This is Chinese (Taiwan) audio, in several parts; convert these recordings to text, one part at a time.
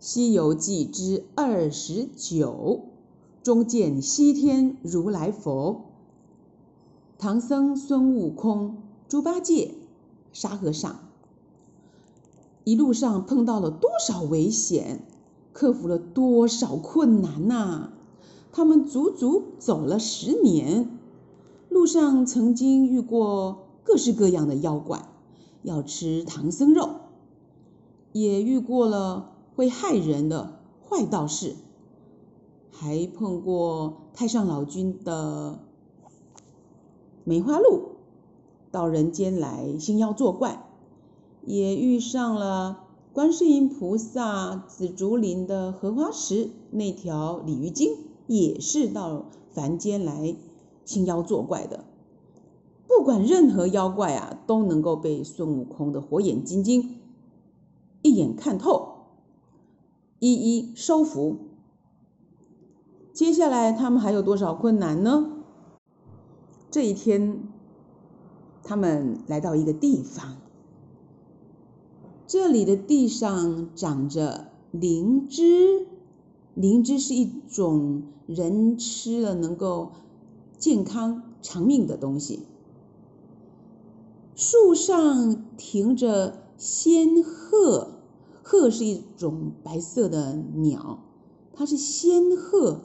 《西遊記》之二十九，終見西天如來佛。唐僧、孫悟空、豬八戒、沙和尚，一路上碰到了多少危險，克服了多少困難吶、啊？他們足足走了十年，路上曾經遇過各式各樣的妖怪，要吃唐僧肉，也遇過了。會害人的壞道士，還碰過太上老君的梅花鹿，到人間來興妖作怪；也遇上了觀世音菩薩紫竹林的荷花池那條鯉魚精，也是到凡間來興妖作怪的。不管任何妖怪啊，都能夠被孫悟空的火眼金睛一眼看透。一一收服。接下來，他們還有多少困難呢？這一天，他們來到一個地方，這裡的地上長着靈芝，靈芝是一種人吃了能夠健康長命的東西。樹上停着仙鶴。鶴是一種白色的鳥，它是仙鶴。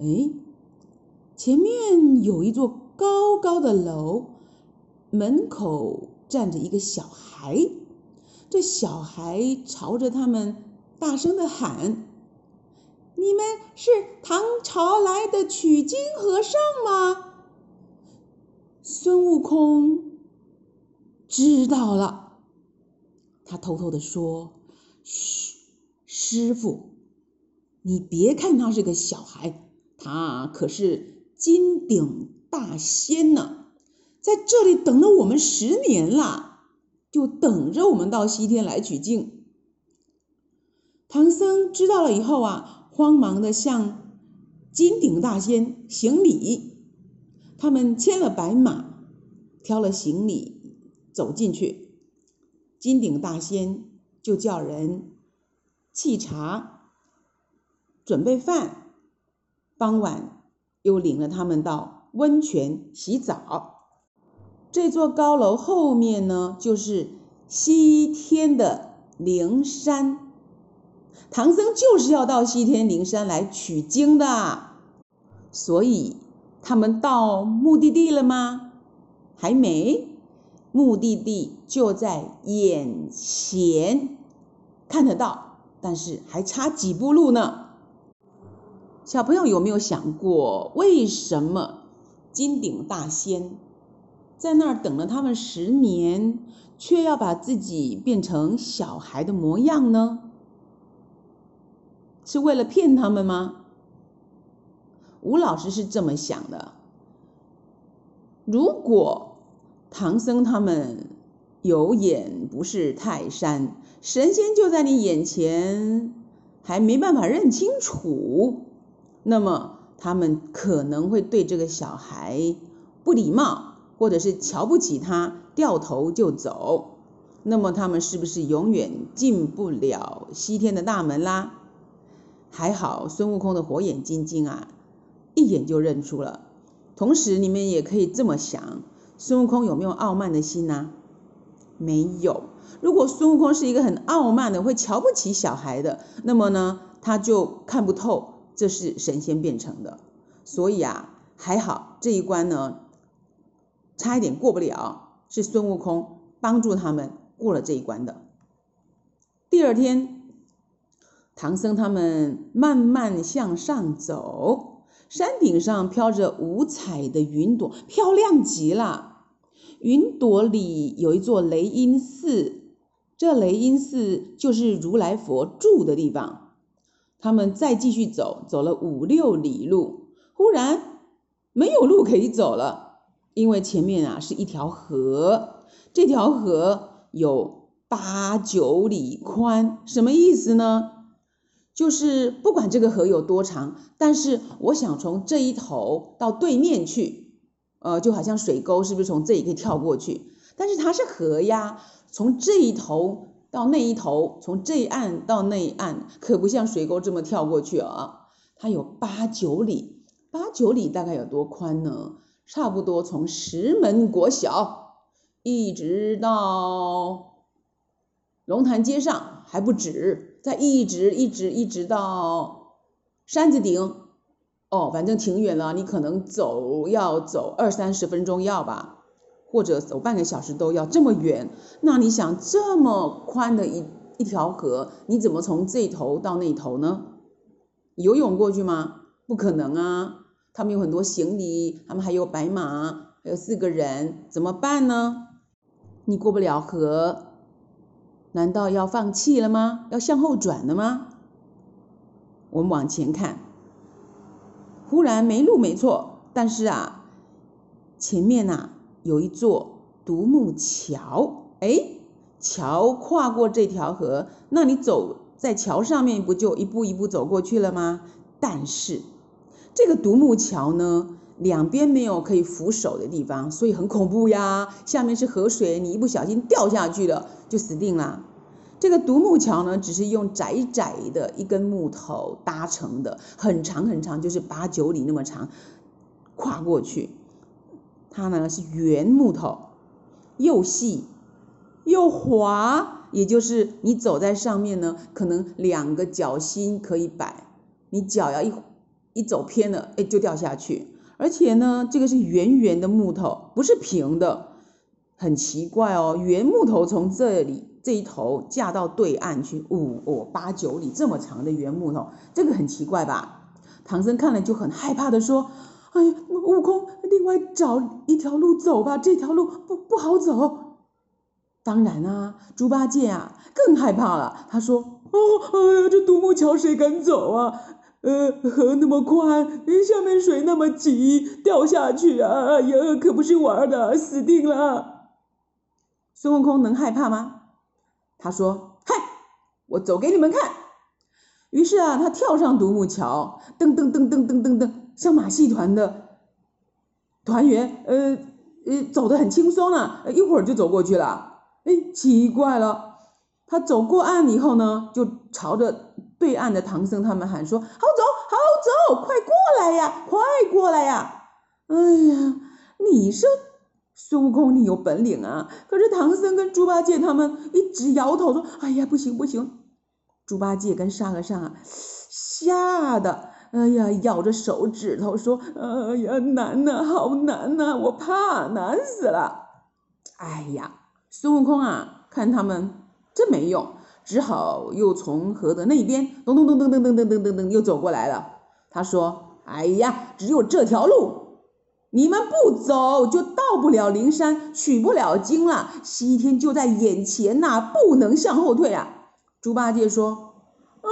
哎，前面有一座高高的樓，門口站着一個小孩。這小孩朝着他們大聲的喊：“你們是唐朝來的取經和尚嗎？”孫悟空知道了，他偷偷的說。噓，師傅，你別看他是個小孩，他可是金頂大仙呢，啊，在這裡等了我們十年了，就等着我們到西天來取經。唐僧知道了以後啊，慌忙的向金頂大仙行禮，他們牽了白馬，挑了行李走進去，金頂大仙。就叫人沏茶，準備飯。傍晚又領了他們到溫泉洗澡。這座高樓後面呢，就是西天的靈山。唐僧就是要到西天靈山來取經的，所以他們到目的地了嗎？還沒，目的地就在眼前。看得到，但是還差幾步路呢。小朋友有沒有想過，為什麼金頂大仙在那兒等了他們十年，卻要把自己變成小孩的模樣呢？是為了騙他們嗎？吳老師是這麼想的。如果唐僧他們……有眼不識泰山，神仙就在你眼前，還沒辦法認清楚。那麼他們可能會對這個小孩不禮貌，或者是瞧不起他，掉頭就走。那麼他們是不是永遠進不了西天的大門啦？還好孫悟空的火眼金睛啊，一眼就認出了。同時，你們也可以這麼想：孫悟空有沒有傲慢的心呢？啊？沒有，如果孫悟空是一個很傲慢的，會瞧不起小孩的，那麼呢，他就看不透這是神仙變成的。所以啊，還好這一關呢，差一點過不了，是孫悟空幫助他們過了這一關的。第二天，唐僧他們慢慢向上走，山頂上飄着五彩的雲朵，漂亮極了。雲朵裡有一座雷音寺，這雷音寺就是如來佛住的地方。他們再繼續走，走了五六裡路，忽然沒有路可以走了，因為前面啊是一條河，這條河有八九裡寬。什麼意思呢？就是不管這個河有多長，但是我想從這一頭到對面去。呃，就好像水溝是不是從這裡可以跳過去？但是它是河呀，從這一頭到那一頭，從這一岸到那一岸，可不像水溝這麼跳過去啊。它有八九里，八九里大概有多寬呢？差不多從石門國小一直到龍潭街上，還不止，再一直一直一直到山子頂。哦，反正挺遠了，你可能走要走二三十分鐘要吧，或者走半個小時都要這麼遠。那你想這麼寬的一一條河，你怎麼從這頭到那頭呢？游泳過去嗎？不可能啊！他們有很多行李，他們還有白馬，還有四個人，怎麼辦呢？你過不了河，難道要放棄了嗎？要向後轉了嗎？我們往前看。忽然沒路沒錯，但是啊，前面吶、啊、有一座獨木橋，哎，橋跨過這條河，那你走在橋上面不就一步一步走過去了嗎？但是這個獨木橋呢，兩邊沒有可以扶手的地方，所以很恐怖呀。下面是河水，你一不小心掉下去了就死定了。這個獨木橋呢，只是用窄窄的一根木頭搭成的，很長很長，就是八九里那麼長，跨過去。它呢是圓木頭，又細又滑，也就是你走在上面呢，可能兩個腳心可以擺，你腳要一一走偏了，哎，就掉下去。而且呢，這個是圓圓的木頭，不是平的，很奇怪哦，圓木頭從這裡。這一頭架到對岸去，嗚哦，哦八九里這麼長的圓木頭，這個很奇怪吧？唐僧看了就很害怕的說：“哎呀，悟空，另外找一條路走吧，這條路不不好走。”當然啊，豬八戒啊更害怕了，他說：“哦，哎呀，這獨木橋誰敢走啊？呃，河那麼寬，下面水那麼急，掉下去啊，哎呀，可不是玩的，死定了。”孫悟空能害怕嗎？他說：“嗨，我走給你們看。”於是啊，他跳上獨木橋，噔噔噔噔噔噔噔，像馬戲團的團員、呃，呃呃，走得很輕鬆了、啊，一會兒就走過去了。哎，奇怪了，他走過岸以後呢，就朝着對岸的唐僧他們喊說：“好走，好走，快過來呀，快過來呀！”哎呀，你說。孫悟空，你有本領啊！可是唐僧跟豬八戒他們一直搖頭說：“哎呀，不行不行！”豬八戒跟沙和尚啊，嚇，嚇得哎呀，咬着手指頭說：“哎呀，難吶、啊，好難吶、啊，我怕，難死了！”哎呀，孫悟空啊，看他們真沒用，只好又從河的那邊咚咚咚咚，咚咚咚咚咚咚咚咚咚又走過來了。他說：“哎呀，只有這條路。”你們不走，就到不了靈山，取不了經了。西天就在眼前吶，啊，不能向後退啊！豬八戒說：“啊，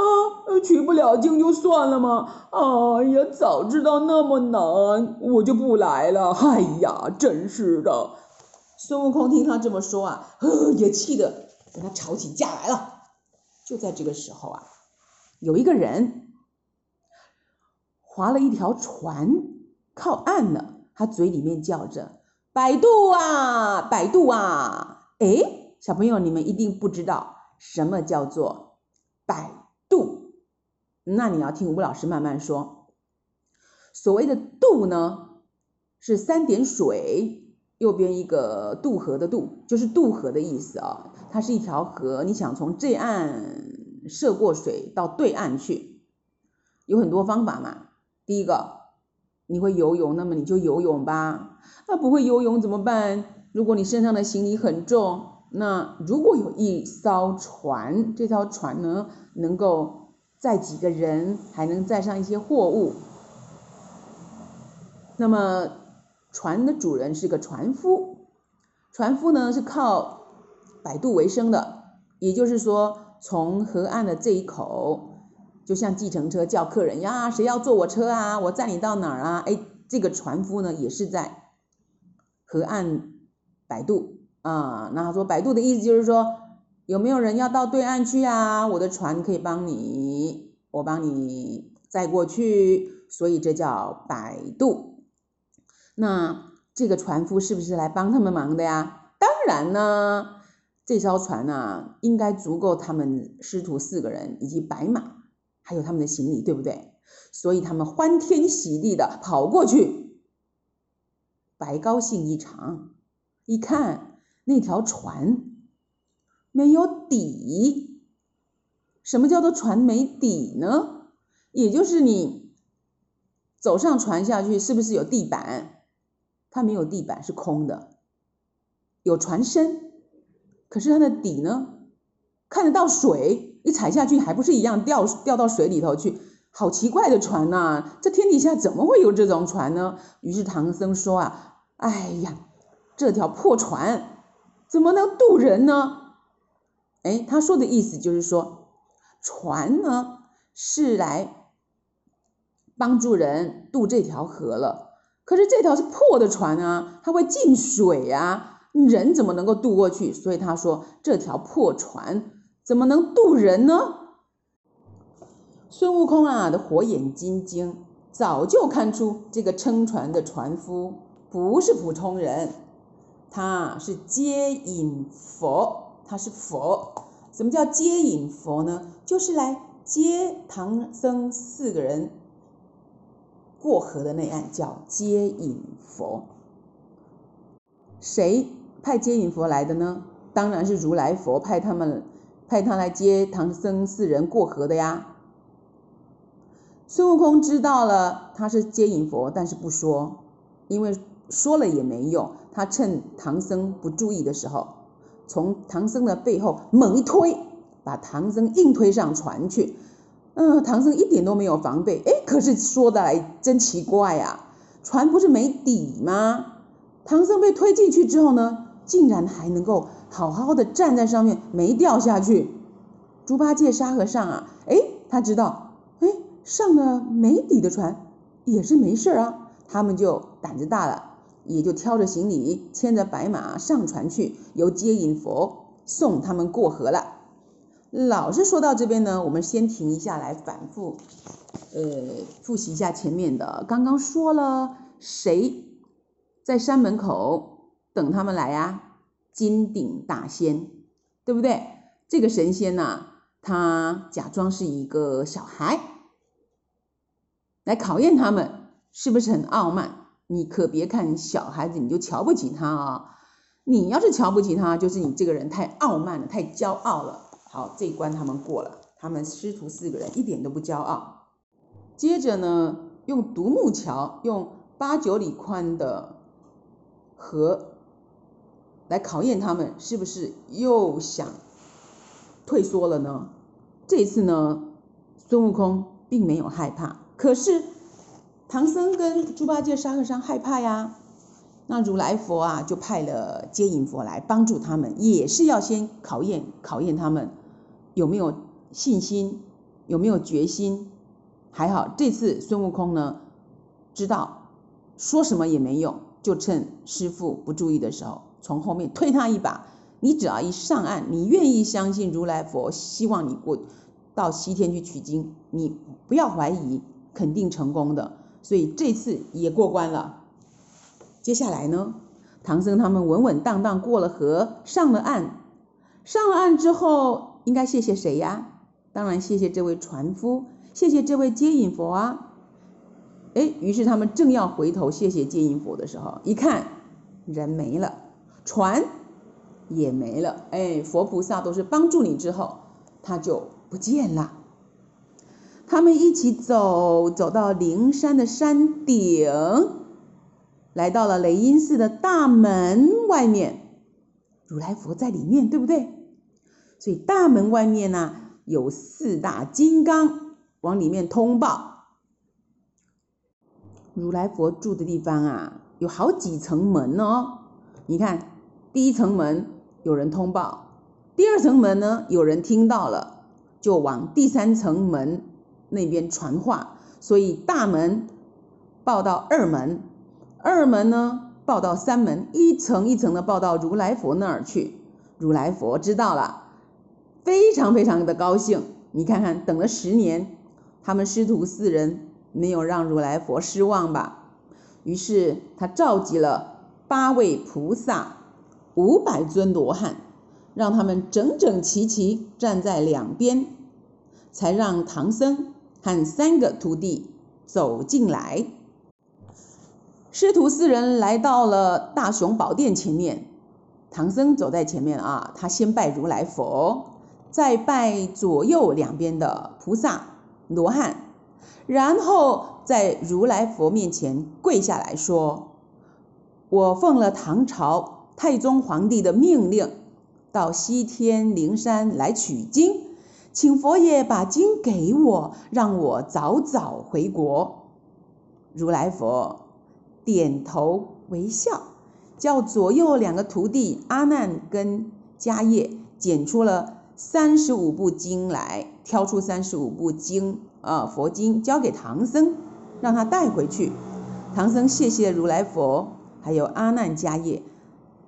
取不了經就算了嗎？哎呀，早知道那麼難，我就不來了。”哎呀，真是的！孫悟空聽他這麼說啊，呵呵也氣得跟他吵起架來了。就在這個時候啊，有一個人划了一條船靠岸了。他嘴裡面叫着“擺渡啊，擺渡啊！”哎，小朋友，你們一定不知道什麼叫做“擺渡”，那你要聽吳老師慢慢說。所謂的“度”呢，是三點水，右邊一個“渡河”的“渡”，就是渡河的意思啊、哦。它是一條河，你想從這岸涉過水到對岸去，有很多方法嘛。第一個。你會游泳，那麼你就游泳吧。那不會游泳怎麼辦？如果你身上的行李很重，那如果有一艘船，這條船呢能夠載幾個人，還能載上一些貨物。那麼船的主人是個船夫，船夫呢是靠擺渡為生的，也就是說，從河岸的這一口。就像計程車叫客人呀、啊，誰要坐我車啊？我載你到哪兒啊？哎，這個船夫呢也是在河岸擺渡啊。那他說擺渡的意思就是說，有沒有人要到對岸去啊？我的船可以幫你，我幫你載過去，所以這叫擺渡。那這個船夫是不是來幫他們忙的呀？當然呢，這艘船呢、啊、應該足夠他們師徒四個人以及白馬。還有他們的行李，對不對？所以他們歡天喜地的跑過去，白高興一場。一看那條船沒有底，什麼叫做船沒底呢？也就是你走上船下去，是不是有地板？它沒有地板，是空的，有船身，可是它的底呢？看得到水。一踩下去還不是一樣掉，掉到水裡頭去，好奇怪的船吶、啊！這天底下怎麼會有這種船呢？於是唐僧說啊，哎呀，這條破船怎麼能渡人呢？哎，他說的意思就是說，船呢是來幫助人渡這條河了，可是這條是破的船啊，它會進水啊，人怎麼能夠渡過去？所以他說這條破船。怎麼能渡人呢？孫悟空啊的火眼金睛早就看出這個撐船的船夫不是普通人，他是接引佛，他是佛。什麼叫接引佛呢？就是來接唐僧四個人過河的那岸叫接引佛。誰派接引佛來的呢？當然是如來佛派他們來的。派他來接唐僧四人過河的呀。孫悟空知道了他是接引佛，但是不說，因為說了也沒用。他趁唐僧不注意的時候，從唐僧的背後猛一推，把唐僧硬推上船去。嗯、呃，唐僧一點都沒有防備。誒，可是說的來真奇怪呀，啊，船不是沒底嗎？唐僧被推進去之後呢，竟然還能夠。好好的站在上面沒掉下去，豬八戒、沙和尚啊，哎，他知道，哎，上了沒底的船也是沒事啊。他們就膽子大了，也就挑着行李，牽着白馬上船去，由接引佛送他們過河了。老師說到這邊呢，我們先停一下來，反復呃復習一下前面的。剛剛說了誰在山門口等他們來呀、啊？金頂大仙，對不對？這個神仙呢、啊，他假裝是一個小孩，來考驗他們是不是很傲慢。你可別看小孩子，你就瞧不起他啊、哦！你要是瞧不起他，就是你這個人太傲慢了，太驕傲了。好，這一關他們過了，他們師徒四個人一點都不驕傲。接着呢，用獨木橋，用八九里寬的河。來考驗他們是不是又想退縮了呢？這一次呢，孫悟空並沒有害怕，可是唐僧跟豬八戒、沙和尚害怕呀。那如來佛啊就派了接引佛來幫助他們，也是要先考驗考驗他們有沒有信心，有沒有決心。還好這次孫悟空呢知道說什麼也沒用，就趁師傅不注意的時候，從後面推他一把，你只要一上岸，你願意相信如來佛，希望你過到西天去取經，你不要懷疑，肯定成功的。所以這次也過關了。接下來呢，唐僧他們穩穩當當過了河，上了岸。上了岸之後，應該謝謝誰呀、啊？當然謝謝這位船夫，謝謝這位接引佛啊。誒，於是他們正要回頭謝謝接引佛的時候，一看人沒了。船也沒了，哎，佛菩薩都是幫助你之後，他就不見了。他們一起走，走到靈山的山頂，來到了雷音寺的大門外面。如來佛在裡面，對不對？所以大門外面呢，有四大金剛往裡面通報。如來佛住的地方啊，有好幾層門哦，你看。第一層門有人通報，第二層門呢有人聽到了，就往第三層門那邊傳話。所以大門報到二門，二門呢報到三門，一層一層的報到如來佛那兒去。如來佛知道了，非常非常的高興。你看看，等了十年，他們師徒四人沒有讓如來佛失望吧？於是他召集了八位菩薩。五百尊羅漢，讓他們整整齊齊站在兩邊，才讓唐僧和三個徒弟走進來。師徒四人來到了大雄寶殿前面，唐僧走在前面啊，他先拜如來佛，再拜左右兩邊的菩薩、羅漢，然後在如來佛面前跪下來說：“我奉了唐朝。”太宗皇帝的命令，到西天靈山來取經，請佛爺把經給我，讓我早早回國。如來佛點頭微笑，叫左右兩個徒弟阿難跟迦葉撿出了三十五部經來，挑出三十五部經啊，佛經交給唐僧，讓他帶回去。唐僧謝謝如來佛，還有阿難、迦葉。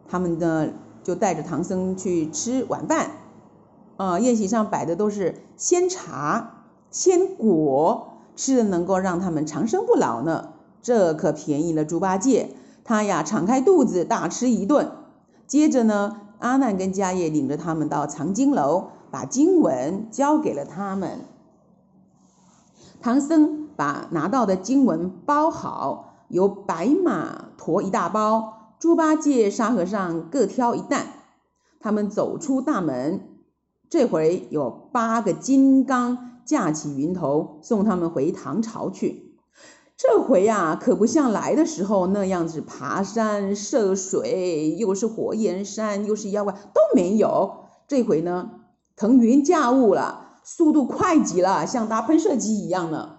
他們呢，就帶着唐僧去吃晚飯，啊、呃，宴席上擺的都是仙茶、仙果，吃的能夠讓他們長生不老呢。這可便宜了豬八戒，他呀敞開肚子大吃一頓。接着呢，阿難跟迦葉領着他們到藏經樓，把經文交給了他們。唐僧把拿到的經文包好，由白馬馱一大包。豬八戒、沙和尚各挑一擔，他們走出大門。這回有八個金剛架起雲頭，送他們回唐朝去。這回呀、啊，可不像來的時候那樣子爬山涉水，又是火焰山，又是妖怪都沒有。這回呢，騰雲駕霧了，速度快極了，像搭噴射機一樣了。